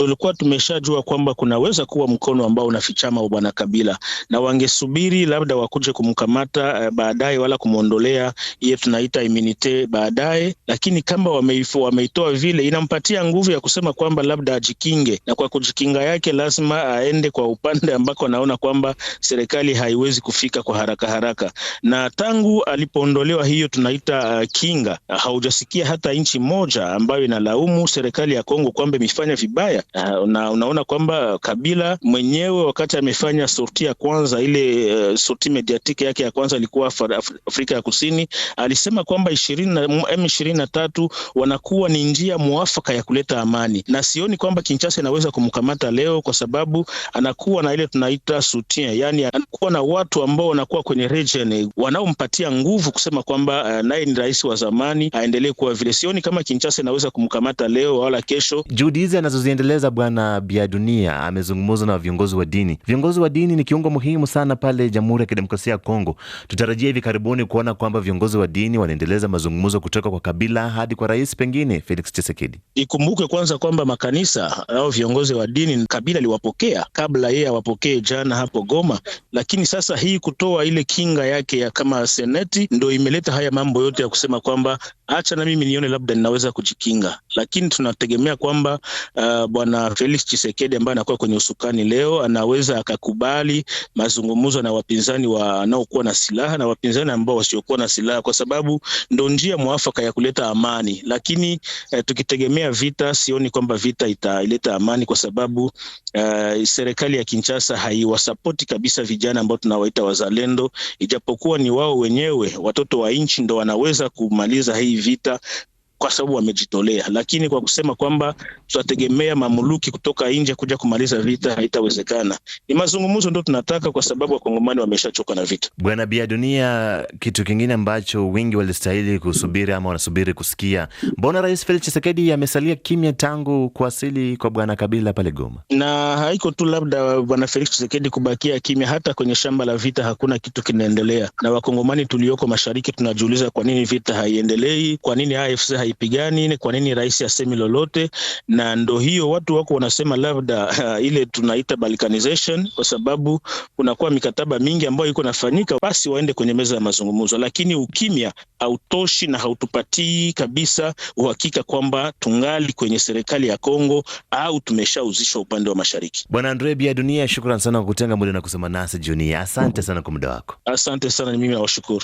tulikuwa tumeshajua kwamba kunaweza kuwa mkono ambao unafichama bwana Kabila, na wangesubiri labda wakuje kumkamata uh, baadaye wala kumwondolea iye tunaita immunite baadaye, lakini kama wameifu, wameitoa vile, inampatia nguvu ya kusema kwamba labda ajikinge, na kwa kujikinga yake lazima aende kwa upande ambako anaona kwamba serikali haiwezi kufika kwa haraka haraka. Na tangu alipoondolewa hiyo tunaita uh, kinga, haujasikia hata nchi moja ambayo inalaumu serikali ya Kongo kwamba imefanya vibaya. Ah, na unaona kwamba Kabila mwenyewe wakati amefanya sorti ya kwanza ile uh, sorti mediatiki yake ya kwanza ilikuwa Afrika ya Kusini, alisema kwamba M23 wanakuwa ni njia mwafaka ya kuleta amani, na sioni kwamba Kinshasa inaweza kumkamata leo kwa sababu anakuwa na ile tunaita soutien, yani anakuwa na watu ambao wanakuwa kwenye region wanaompatia nguvu kusema kwamba uh, naye ni rais wa zamani aendelee kuwa vile. Sioni kama Kinshasa inaweza kumkamata leo wala kesho. Juhudi hizi anazoziendelea Uingereza Bwana Biadunia amezungumza na viongozi wa dini. Viongozi wa dini ni kiungo muhimu sana pale Jamhuri ya Kidemokrasia ya Kongo. Tutarajia hivi karibuni kuona kwamba viongozi wa dini wanaendeleza mazungumzo kutoka kwa Kabila hadi kwa rais pengine Felix Tshisekedi. Ikumbuke kwanza kwamba makanisa au viongozi wa dini Kabila aliwapokea kabla yeye awapokee jana hapo Goma, lakini sasa hii kutoa ile kinga yake ya kama seneti ndo imeleta haya mambo yote ya kusema kwamba acha na mimi nione labda ninaweza kujikinga, lakini tunategemea kwamba uh, bwana Felix Chisekedi ambaye anakuwa kwenye usukani leo anaweza akakubali mazungumzo na wapinzani wanaokuwa na silaha na wapinzani ambao wasiokuwa na silaha, kwa sababu ndo njia mwafaka ya kuleta amani. Lakini eh, tukitegemea vita, sioni kwamba vita italeta amani, kwa sababu eh, serikali ya Kinshasa haiwasapoti kabisa vijana ambao tunawaita wazalendo, ijapokuwa ni wao wenyewe watoto wa nchi ndo wanaweza kumaliza hii vita kwa sababu wamejitolea, lakini kwa kusema kwamba tutategemea mamuluki kutoka nje kuja kumaliza vita haitawezekana. Ni mazungumzo ndio tunataka, kwa sababu wakongomani wameshachoka na vita. Bwana Bia Dunia, kitu kingine ambacho wengi walistahili kusubiri ama wanasubiri kusikia, mbona Rais Felix Tshisekedi amesalia kimya tangu kuwasili kwa Bwana Kabila pale Goma? Na haiko tu labda Bwana Felix Tshisekedi kubakia kimya, hata kwenye shamba la vita hakuna kitu kinaendelea, na wakongomani tulioko mashariki tunajiuliza kwa nini vita haiendelei, kwa nini AFC hai haipigani, kwa nini rais asemi lolote? Na ndo hiyo watu wako wanasema labda uh, ile tunaita balkanization, kwa sababu kunakuwa mikataba mingi ambayo iko nafanyika, basi waende kwenye meza ya mazungumzo, lakini ukimya hautoshi na hautupatii kabisa uhakika kwamba tungali kwenye serikali ya Kongo au tumeshauzishwa upande wa mashariki. Bwana Andre Bia Dunia, shukran sana kwa kutenga muda na kusema nasi jioni. Asante sana kwa muda wako. Asante sana, ni mimi nawashukuru.